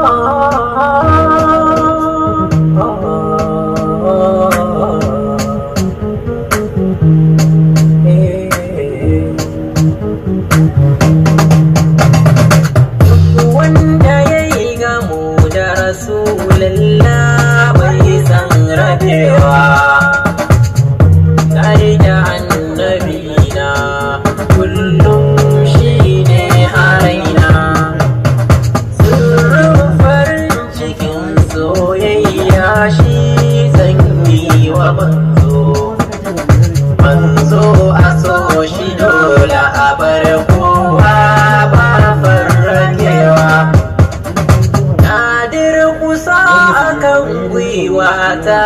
Oh. kusa akan gwiwa ta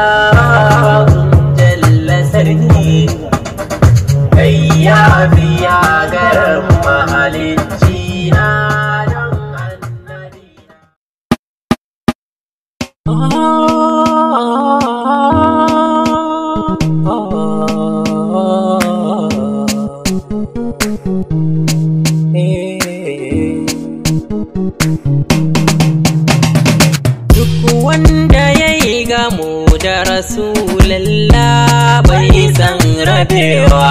rasulallah bai san rabewa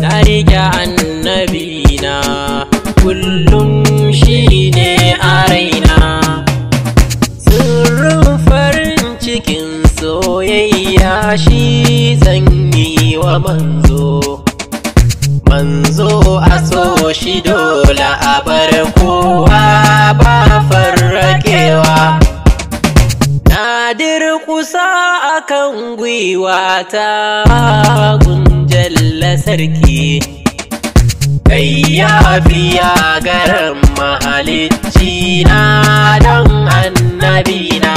na riƙe annabi na kullum shi ne a raina sirrin farin cikin soyayya shi zan yi wa manzo manzo a so shi dole a bar kowa ba far Kusa akan gwiwa ta gunjalla sarki kai ya biya garin mahalicci na don annabi na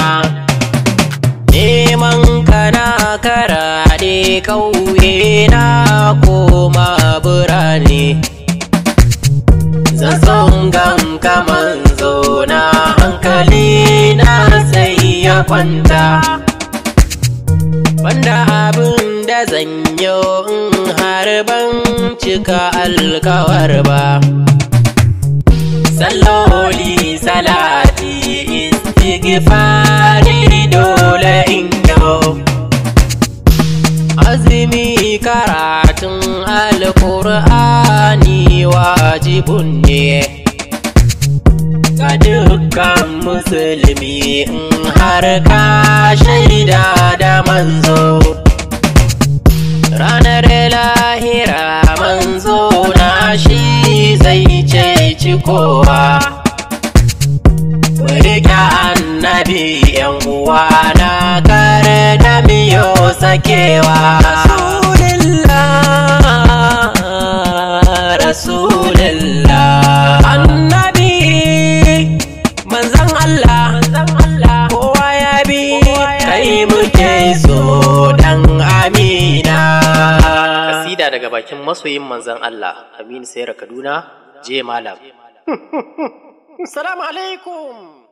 neman kana karaɗe kauye na koma birane gan kama kwanta Banda abin da zanyo in har ban cika alkawar ba Salloli salati istighfari dole indo Azumi karatun alkur'ani wajibun ne ga dukkan musulmi in har ka shaida da manzo ranar lahira manzo na shi zai ci kowa Murika annabi yan uwa na kare da miyo sakewa Rasulillah, Rasulillah. muke so dan amina kasida daga bakin masoyin manzon Allah Aminu Sayar Kaduna je malam Assalamu alaikum